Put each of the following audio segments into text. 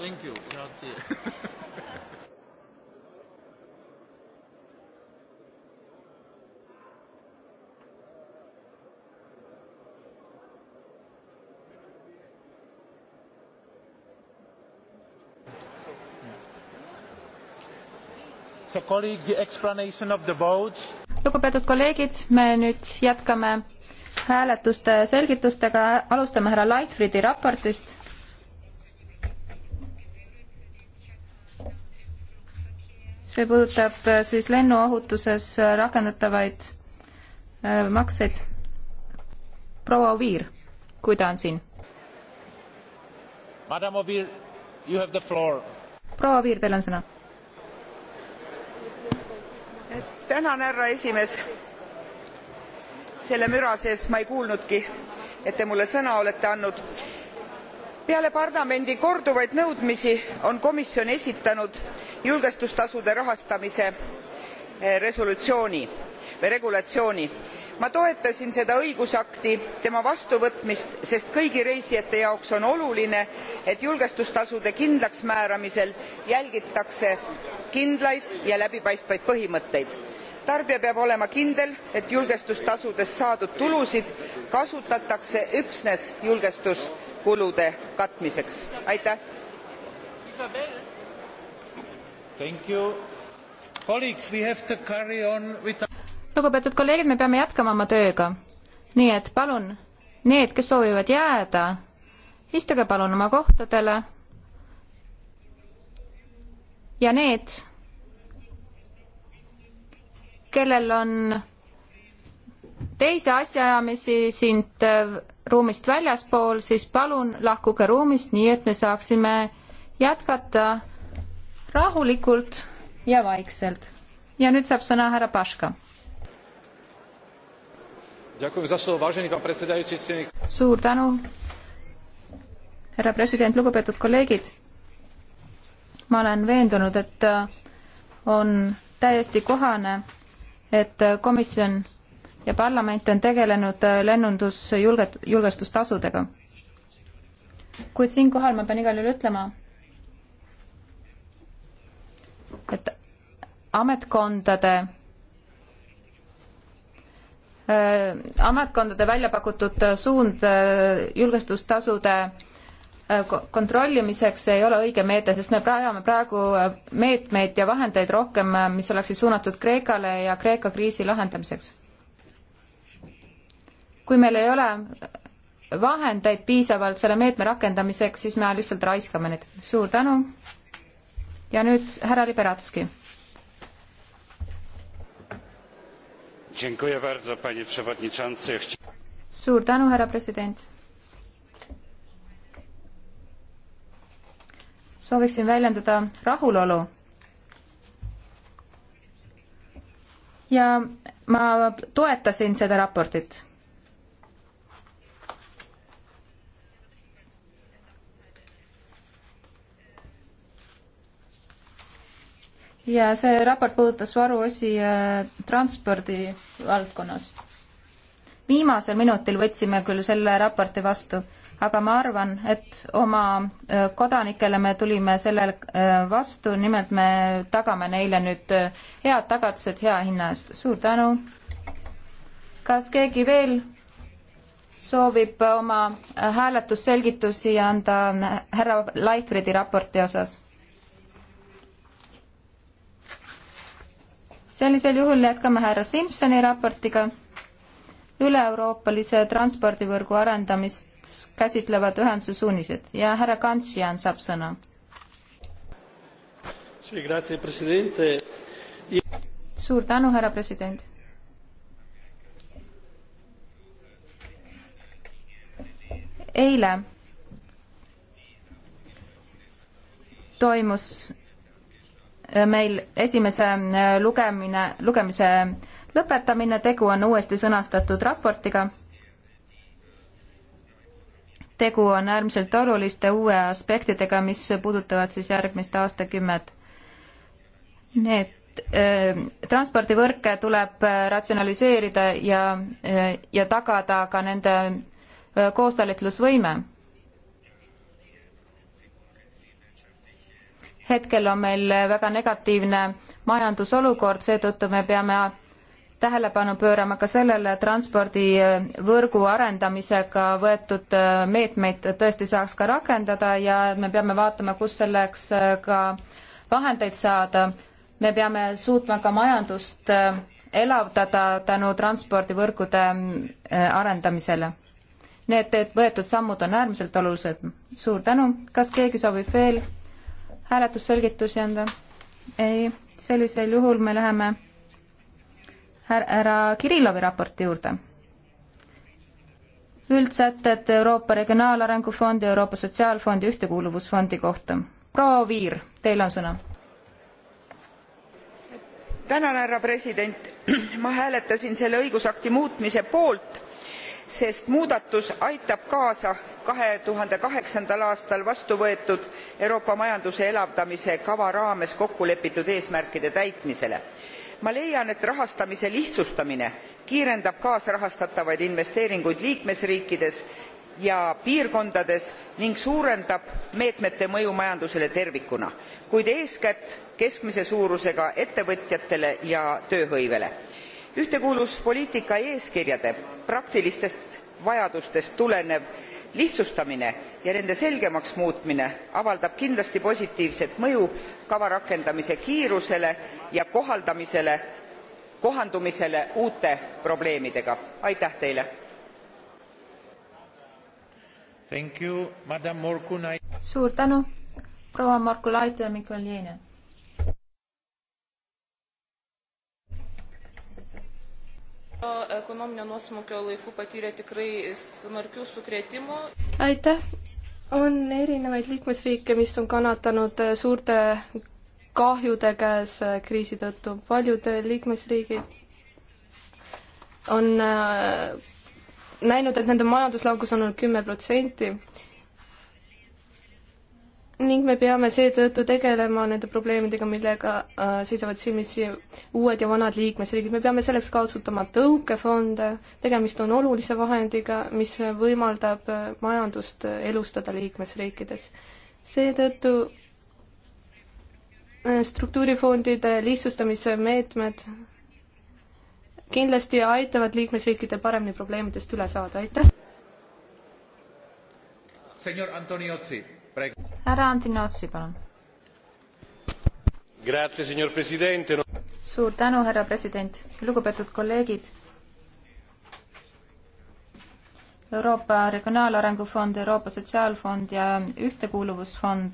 Thank you. Grazie. So, lugupeetud kolleegid, me nüüd jätkame hääletuste selgitustega, alustame härra Lightfriedi raportist see puudutab äh, siis lennuohutuses äh, rakendatavaid äh, makseid. proua Oviir, kui ta on siin. proua Oviir, teil on sõna. tänan, härra esimees. selle müra sees ma ei kuulnudki, et te mulle sõna olete andnud peale parlamendi korduvaid nõudmisi on komisjon esitanud julgestustasude rahastamise eh, regulatsiooni. ma toetasin seda õigusakti tema vastuvõtmist sest kõigi reisijate jaoks on oluline et julgestustasude kindlaksmääramisel järgitakse kindlaid ja läbipaistvaid põhimõtteid. tarbija peab olema kindel et julgestustasudest saadud tulusid kasutatakse üksnes julgestuskulude katmiseks. aitäh! With... lugupeetud kolleegid, me peame jätkama oma tööga. nii et palun, need, kes soovivad jääda, istuge palun oma kohtadele. ja need, kellel on teisi asjaajamisi sind äh, ruumist väljaspool, siis palun lahkuge ruumist, nii et me saaksime jätkata rahulikult ja vaikselt. ja nüüd saab sõna härra Paška. suur tänu, härra president, lugupeetud kolleegid. ma olen veendunud, et äh, on täiesti kohane, et äh, komisjon ja parlament on tegelenud äh, lennundusjulget-, julgestustasudega. kuid siinkohal ma pean igal juhul ütlema, et ametkondade äh, ametkondade välja pakutud suund äh, julgestustasude äh, kontrollimiseks ei ole õige meede, sest me vajame praegu meetmeid ja vahendeid rohkem, mis oleksid suunatud Kreekale ja Kreeka kriisi lahendamiseks. kui meil ei ole vahendeid piisavalt selle meetme rakendamiseks, siis me lihtsalt raiskame neid. suur tänu! ja nüüd härra Liberatski. suur tänu, härra president. sooviksin väljendada rahulolu. ja ma toetasin seda raportit ja see raport puudutas varuosi äh, transpordi valdkonnas. viimasel minutil võtsime küll selle raporti vastu, aga ma arvan, et oma äh, kodanikele me tulime sellele äh, vastu, nimelt me tagame neile nüüd head tagatised hea hinna eest. suur tänu. kas keegi veel soovib oma hääletusselgitusi anda härra Leifridi raporti osas? sellisel juhul jätkame härra Simsoni raportiga üle-euroopalise transpordivõrgu arendamist käsitlevad ühenduse suunised ja härra Kantsian saab sõna. suur tänu, härra president. eile toimus meil esimese äh, lugemine, lugemise lõpetamine, tegu on uuesti sõnastatud raportiga. tegu on äärmiselt oluliste uue aspektidega, mis puudutavad siis järgmist aastakümmet. Need äh, transpordivõrke tuleb äh, ratsionaliseerida ja, ja tagada ka nende koostalitlusvõime hetkel on meil väga negatiivne majandusolukord, seetõttu me peame tähelepanu pöörama ka sellele, et transpordivõrgu arendamisega võetud äh, meetmeid tõesti saaks ka rakendada ja me peame vaatama, kus selleks äh, ka vahendeid saada. me peame suutma ka majandust äh, elavdada tänu transpordivõrgude arendamisele. Need võetud sammud on äärmiselt olulised. suur tänu, kas keegi soovib veel? hääletusselgitusi anda? ei, sellisel juhul me läheme härra Kirillovi raporti juurde. üldsätted Euroopa Regionaalarengu Fondi, Euroopa Sotsiaalfondi, Ühtekuuluvusfondi kohta. proua Oviir, teil on sõna. tänan, härra president. ma hääletasin selle õigusakti muutmise poolt, sest muudatus aitab kaasa aastal vastu võetud euroopa majanduse elavdamise kava raames kokku lepitud eesmärkide täitmisele. ma leian et rahastamise lihtsustamine kiirendab kaasrahastatavaid investeeringuid liikmesriikides ja piirkondades ning suurendab meetmete mõju majandusele tervikuna kuid eeskätt keskmise suurusega ettevõtjatele ja tööhõivele. ühtekuuluvuspoliitika eeskirjade praktilistest vajadustest tulenev lihtsustamine ja nende selgemaks muutmine avaldab kindlasti positiivset mõju kava rakendamise kiirusele ja kohandumisele uute probleemidega. aitäh teile! suur tänu proua markulaitele mikoliene! ekonominio nuosmukio laikų patyrė tikrai smarkių sukretimų. aitäh! on erinevaid liikmesriike, mis on kannatanud eh, suurte kahjude käes eh, kriisi tõttu. paljud eh, liikmesriigid on näinud, et nende majanduslaugus on olnud kümme protsenti ning me peame seetõttu tegelema nende probleemidega, millega äh, seisavad silmitsi uued ja vanad liikmesriigid. me peame selleks kasutama tõukefonde, tegemist on olulise vahendiga, mis võimaldab äh, majandust äh, elustada liikmesriikides. seetõttu äh, struktuurifondide lihtsustamise meetmed kindlasti aitavad liikmesriikidel paremini probleemidest üle saada, aitäh! senor Antoniozzi härra Antinotsi, palun. suur tänu, härra president, lugupeetud kolleegid. Euroopa Regionaalarengu Fond, Euroopa Sotsiaalfond ja Ühtekuuluvusfond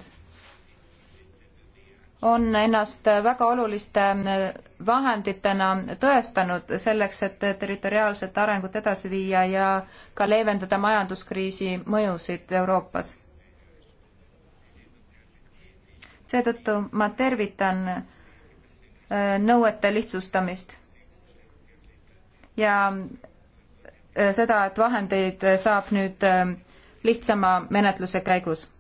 on ennast väga oluliste vahenditena tõestanud selleks, et territoriaalset arengut edasi viia ja ka leevendada majanduskriisi mõjusid Euroopas seetõttu ma tervitan äh, nõuete lihtsustamist ja äh, seda, et vahendeid saab nüüd äh, lihtsama menetluse käigus.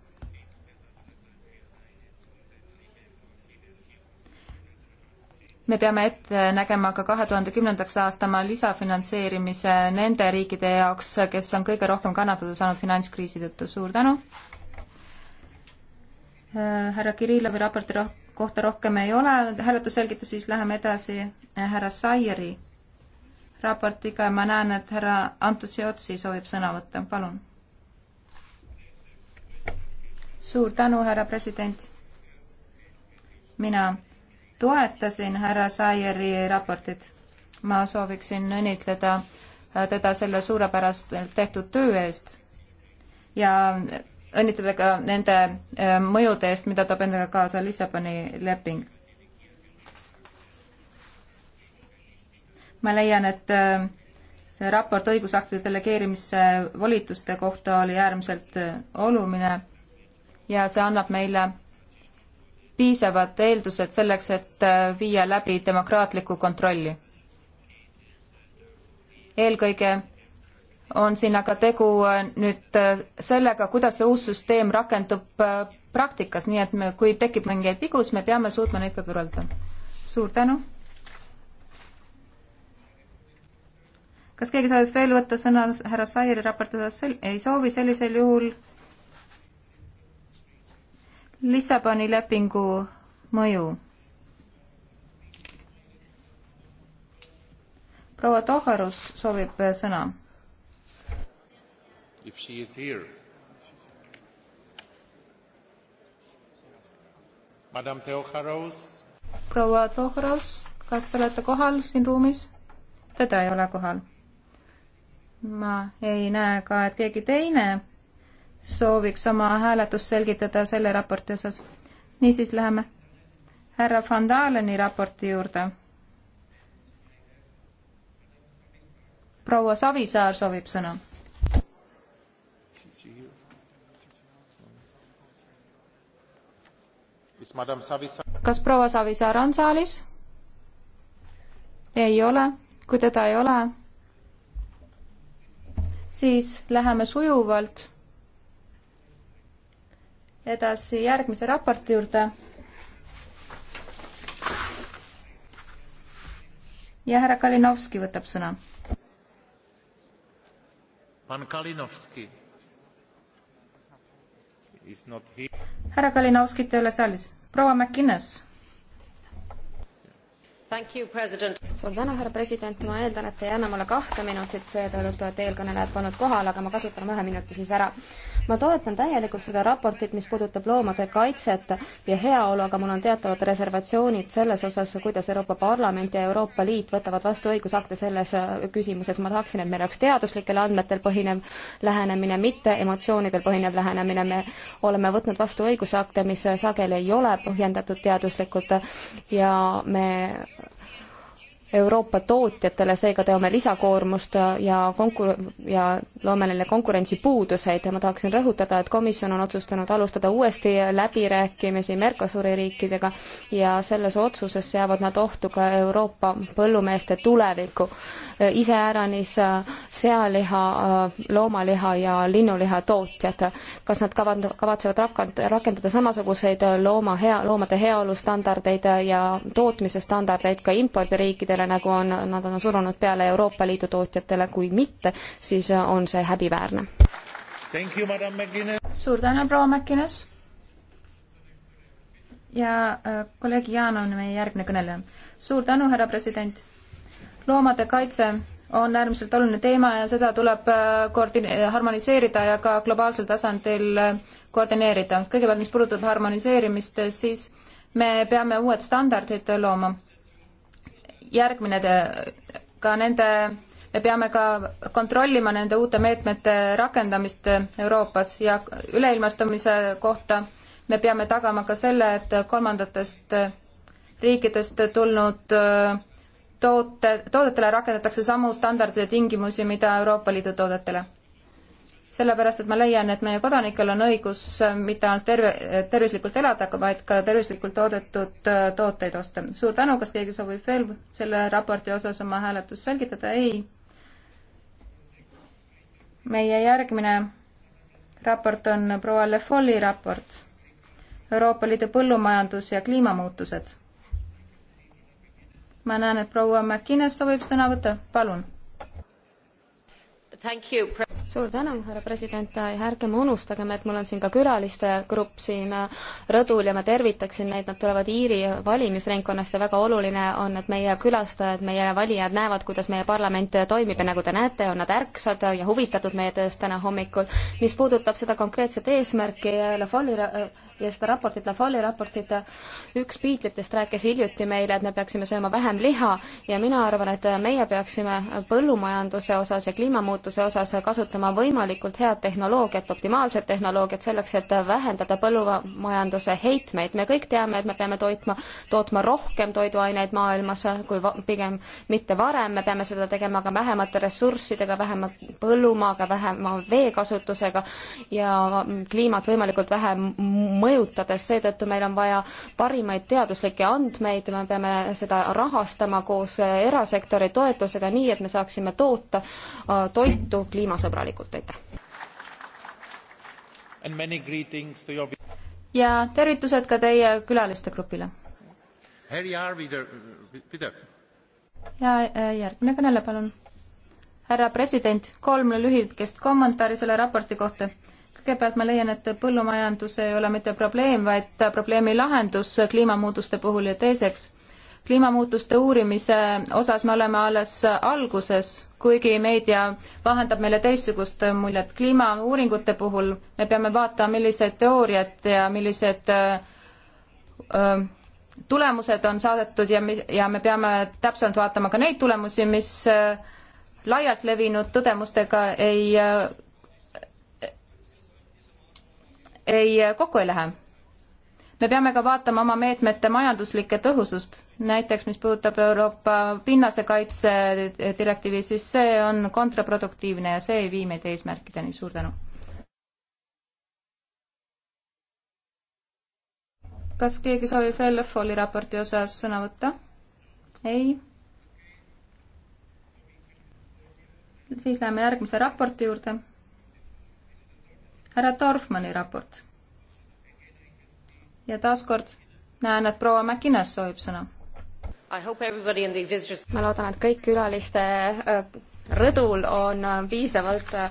me peame ette nägema ka kahe tuhande kümnendaks aastama lisafinantseerimise nende riikide jaoks, kes on kõige rohkem kannatada saanud finantskriisi tõttu. suur tänu! Äh, härra Kirillovi raporti roh kohta rohkem ei ole hääletusselgitus, siis läheme edasi äh, härra Saieri raportiga ja ma näen, et härra Antus Jotsi soovib sõna võtta, palun. suur tänu, härra president. mina toetasin härra Saieri raportit. ma sooviksin õnnitleda äh, teda selle suurepärast tehtud töö eest ja õnnitleda ka nende äh, mõjude eest, mida toob endaga kaasa Lissaboni leping. ma leian, et äh, see raport õigusaktide delegeerimise volituste kohta oli äärmiselt äh, oluline ja see annab meile piisavad eeldused selleks, et viia läbi demokraatlikku kontrolli. eelkõige on siin aga tegu äh, nüüd äh, sellega, kuidas see uus süsteem rakendub äh, praktikas, nii et me, kui tekib mingeid vigu, siis me peame suutma neid ka kõrvaldada. suur tänu. kas keegi soovib veel võtta sõna härra Sairi raporti osas sel-, ei soovi, sellisel juhul Lissaboni lepingu mõju. proua Toharus soovib sõna if she is here. Madam Teoharos. proua Teoharos, kas te olete kohal siin ruumis? teda ei ole kohal. ma ei näe ka, et keegi teine sooviks oma hääletust selgitada selle raporti osas. niisiis läheme härra Van Daleni raporti juurde. proua Savisaar soovib sõna she here? kas proua Savisaar on saalis? ei ole, kui teda ei ole, siis läheme sujuvalt edasi järgmise raporti juurde. ja härra Kalinovski võtab sõna. pan Kalinovski härra Kalinovskit ei ole saalis. proua McInnes suur tänu, härra president, ma eeldan, et te ei anna mulle kahte minutit seetõttu, et eelkõnelejad polnud kohal, aga ma kasutan ühe minuti siis ära. ma toetan täielikult seda raportit, mis puudutab loomade kaitset ja heaolu, aga mul on teatavad reservatsioonid selles osas, kuidas Euroopa Parlament ja Euroopa Liit võtavad vastu õigusakte selles äh, küsimuses. ma tahaksin, et meil oleks teaduslikel andmetel põhinev lähenemine, mitte emotsioonidel põhinev lähenemine. me oleme võtnud vastu õigusakte, mis sageli ei ole põhjendatud teaduslikult ja me Euroopa tootjatele, seega teame lisakoormust ja konkur- ja loome neile konkurentsipuuduseid ja ma tahaksin rõhutada, et komisjon on otsustanud alustada uuesti läbirääkimisi Mercosuri riikidega ja selles otsuses seavad nad ohtu ka Euroopa põllumeeste tuleviku. iseäranis äh, sealiha, äh, loomaliha ja linnuliha tootjad. kas nad kavand-, kavatsevad rakend-, rakendada samasuguseid äh, looma hea, loomade heaolu standardeid ja tootmise standardeid ka impordiriikidele, tootjatele, nagu on, nad on surunud peale Euroopa Liidu tootjatele, kui mitte, siis on see häbiväärne. suur tänu, proua Mäkkines! ja äh, kolleeg Jaan on meie järgmine kõneleja. suur tänu, härra president! loomade kaitse on äärmiselt oluline teema ja seda tuleb äh, koordine-, harmoniseerida ja ka globaalsel tasandil äh, koordineerida. kõigepealt, mis puudutab harmoniseerimist, siis me peame uued standardid looma järgmine, ka nende, me peame ka kontrollima nende uute meetmete rakendamist Euroopas ja üleilmastumise kohta me peame tagama ka selle, et kolmandatest riikidest tulnud äh, toote, toodetele rakendatakse samu standardeid ja tingimusi, mida Euroopa Liidu toodetele sellepärast et ma leian, et meie kodanikel on õigus äh, mitte ainult terve, tervislikult elada, vaid ka tervislikult toodetud äh, tooteid osta. suur tänu, kas keegi soovib veel selle raporti osas oma hääletust selgitada? ei. meie järgmine raport on proua Le Folli raport Euroopa Liidu põllumajandus ja kliimamuutused. ma näen, et proua McInnes soovib sõna võtta, palun suur tänu, härra president, ärgem unustagem, et mul on siin ka külaliste grupp siin äh, rõdul ja ma tervitaksin neid, nad tulevad Iiri valimisringkonnast ja väga oluline on, et meie külastajad, meie valijad näevad, kuidas meie parlament toimib ja nagu te näete, on nad ärksad ja huvitatud meie tööst täna hommikul. mis puudutab seda konkreetset eesmärki, ja seda raportit, La Folli raportit, üks piitlitest rääkis hiljuti meile, et me peaksime sööma vähem liha ja mina arvan, et meie peaksime põllumajanduse osas ja kliimamuutuse osas kasutama võimalikult head tehnoloogiat, optimaalset tehnoloogiat selleks, et vähendada põllumajanduse heitmeid. me kõik teame, et me peame toitma, tootma rohkem toiduaineid maailmas kui pigem mitte varem, me peame seda tegema ka vähemate ressurssidega, vähema põllumaaga, vähema veekasutusega ja kliimat võimalikult vähe mõjutades, seetõttu meil on vaja parimaid teaduslikke andmeid, me peame seda rahastama koos erasektori toetusega, nii et me saaksime toota äh, toitu kliimasõbralikult, aitäh! ja tervitused ka teie külaliste grupile. ja äh, järgmine kõneleja, palun. härra president, kolm lühikest kommentaari selle raporti kohta kõigepealt ma leian, et põllumajandus ei ole mitte probleem, vaid probleemi lahendus kliimamuutuste puhul ja teiseks, kliimamuutuste uurimise osas me oleme alles alguses, kuigi meedia vahendab meile teistsugust muljet. kliimauuringute puhul me peame vaatama, millised teooriad ja millised öö, tulemused on saadetud ja, ja me peame täpsemalt vaatama ka neid tulemusi, mis öö, laialt levinud tõdemustega ei ei, kokku ei lähe. me peame ka vaatama oma meetmete majanduslikke tõhusust, näiteks mis puudutab Euroopa pinnasekaitse direktiivi, siis see on kontraproduktiivne ja see ei vii meid eesmärkideni, suur tänu. kas keegi soovib veel Foli raporti osas sõna võtta? ei siis läheme järgmise raporti juurde härra Dorfmanni raport. ja taaskord näen, et proua Mäkinas soovib sõna. ma loodan, et kõik külaliste äh, rõdul on äh, piisavalt äh,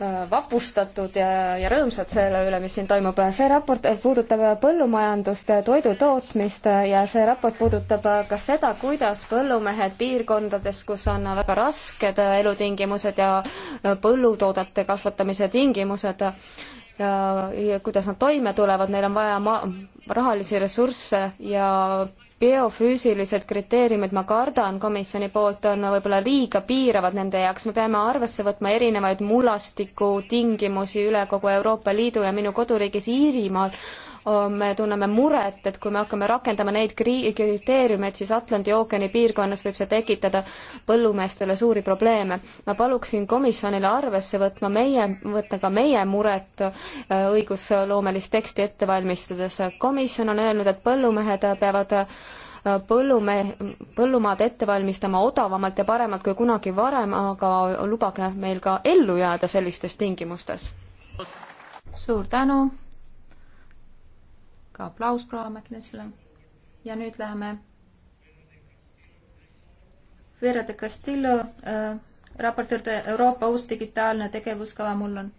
Äh, vapustatud ja, ja rõõmsad selle üle, mis siin toimub. see raport puudutab põllumajandust, toidutootmist ja see raport puudutab ka seda, kuidas põllumehed piirkondades, kus on väga rasked elutingimused ja põllutoodete kasvatamise tingimused, ja, ja kuidas nad toime tulevad, neil on vaja ma-, rahalisi ressursse ja biofüüsilised kriteeriumid, ma kardan, komisjoni poolt on võib-olla liiga piiravad nende jaoks, me peame arvesse võtma erinevaid mullastiku tingimusi üle kogu Euroopa Liidu ja minu koduriigis Iirimaal me tunneme muret, et kui me hakkame rakendama neid kriteeriumeid, siis Atlandi ookeani piirkonnas võib see tekitada põllumeestele suuri probleeme. ma paluksin komisjonile arvesse võtma meie, võtta ka meie muret äh, õigusloomelist teksti ette valmistades. komisjon on öelnud, et põllumehed peavad äh, põllume-, põllumaad ette valmistama odavamalt ja paremalt kui kunagi varem, aga lubage meil ka ellu jääda sellistes tingimustes. suur tänu ka aplaus proua McNessile. ja nüüd läheme Vera de Castillo äh, raportöörde Euroopa uus digitaalne tegevuskava, mul on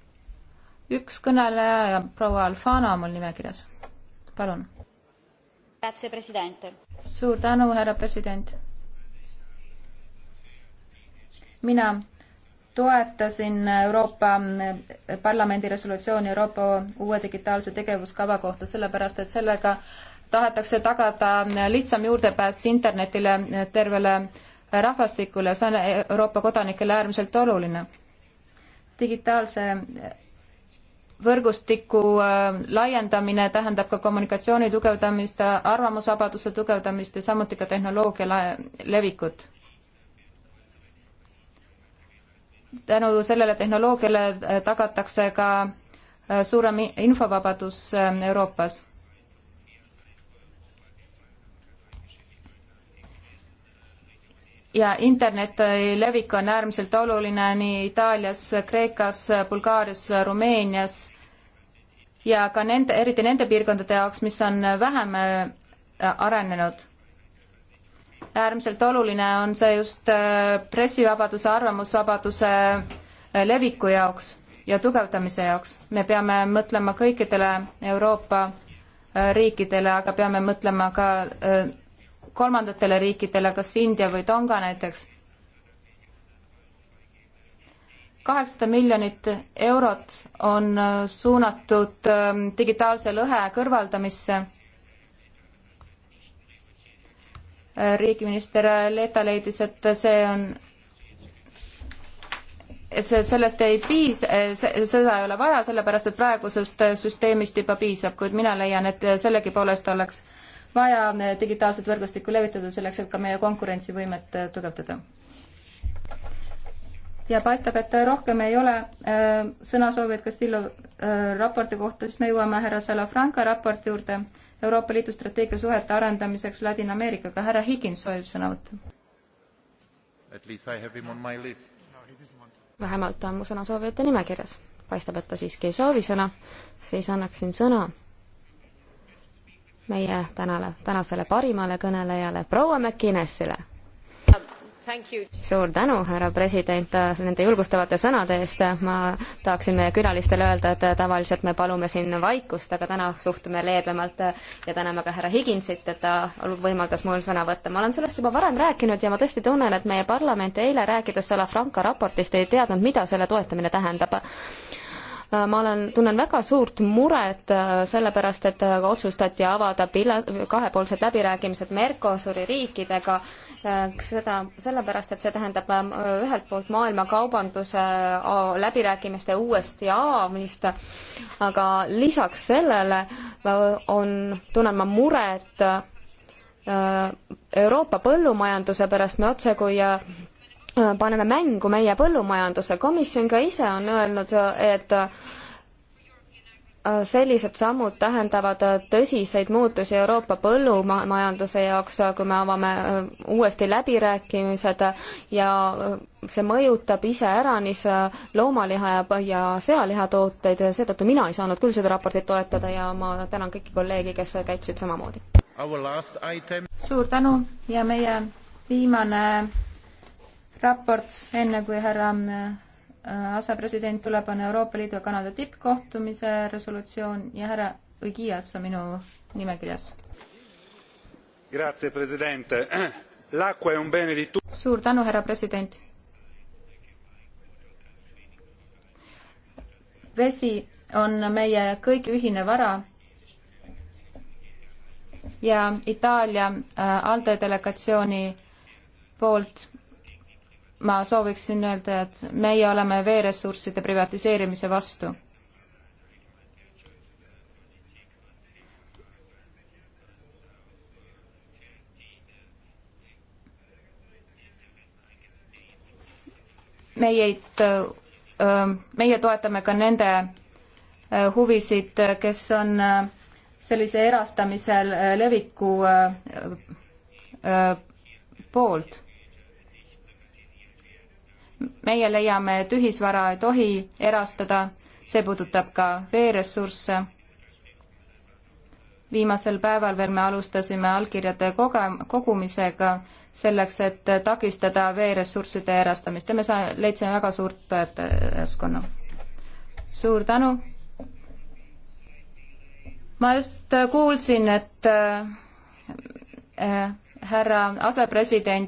üks kõneleja ja proua Alfano on mul nimekirjas. palun. suur tänu, härra president. mina toetasin Euroopa Parlamendi resolutsiooni Euroopa uue digitaalse tegevuskava kohta, sellepärast et sellega tahetakse tagada lihtsam juurdepääs internetile tervele rahvastikule, see on Euroopa kodanikele äärmiselt oluline. digitaalse võrgustiku äh, laiendamine tähendab ka kommunikatsiooni tugevdamist, arvamusvabaduse tugevdamist ja samuti ka tehnoloogia levikut tänu sellele tehnoloogiale äh, tagatakse ka äh, suurem infovabadus äh, Euroopas. ja interneti levik on äärmiselt oluline nii Itaalias, Kreekas, Bulgaarias, Rumeenias ja ka nende, eriti nende piirkondade jaoks, mis on vähem arenenud äärmiselt oluline on see just äh, pressivabaduse, arvamusvabaduse äh, leviku jaoks ja tugevdamise jaoks. me peame mõtlema kõikidele Euroopa äh, riikidele, aga peame mõtlema ka kolmandatele riikidele, kas India või Tonga näiteks. kaheksasada miljonit eurot on suunatud ähm, digitaalse lõhe kõrvaldamisse riigiminister Leta leidis, et see on et see, sellest ei piisa, seda ei ole vaja, sellepärast et praegusest süsteemist juba piisab, kuid mina leian, et sellegipoolest oleks vaja digitaalset võrgustikku levitada selleks, et ka meie konkurentsivõimet tugevdada. ja paistab, et rohkem ei ole äh, sõnasoovijaid Castillo äh, raporti kohta, siis me jõuame härra Salafranca raporti juurde Euroopa Liidu strateegiasuhete arendamiseks Ladina-Ameerikaga. härra Higins soovib sõna võtta. vähemalt ta on mu sõnasoovijate nimekirjas. paistab, et ta siiski ei soovi sõna, siis annaksin sõna meie tänale, tänasele parimale kõnelejale, proua McInnesile suur tänu, härra president, nende julgustavate sõnade eest. ma tahaksin meie külalistele öelda, et tavaliselt me palume siin vaikust, aga täna suhtume leebemalt ja täname ka härra Higinsit, et ta võimaldas mul sõna võtta. ma olen sellest juba varem rääkinud ja ma tõesti tunnen, et meie parlament eile rääkides Salafranca raportist ei teadnud, mida selle toetamine tähendab Äh, ma olen, tunnen väga suurt muret äh, sellepärast, et äh, otsustati avada pila-, kahepoolsed läbirääkimised Mercosuri riikidega, seda sellepärast, et see tähendab ühelt poolt maailma kaubanduse läbirääkimiste uuesti avamist, aga lisaks sellele on, tunnen ma muret Euroopa põllumajanduse pärast me otsekui paneme mängu meie põllumajanduse. komisjon ka ise on öelnud, et äh, sellised sammud tähendavad äh, tõsiseid muutusi Euroopa põllumajanduse jaoks, äh, kui me avame uuesti läbirääkimised ja see mõjutab iseäranis loomaliha ja, ja sealihatooteid ja seetõttu mina ei saanud küll seda raportit toetada ja ma tänan kõiki kolleege, kes käitusid samamoodi. suur tänu ja meie viimane raport, enne kui härra äh, asepresident tuleb, on Euroopa Liidu ja Kanada tippkohtumise resolutsioon ja härra Õigias on minu nimekirjas. suur tänu, härra president. vesi on meie kõigi ühine vara ja Itaalia äh, ALDE delegatsiooni poolt ma sooviksin öelda, et meie oleme veeressursside privatiseerimise vastu. meid, meie toetame ka nende huvisid, kes on sellise erastamisel leviku poolt meie leiame, et ühisvara ei tohi erastada, see puudutab ka veeressursse. viimasel päeval veel me alustasime allkirjade koge-, kogumisega selleks, et takistada veeressursside erastamist ja me sa-, leidsime väga suurt toetajaskonna. suur tänu! ma just kuulsin, et äh, äh, härra asepresident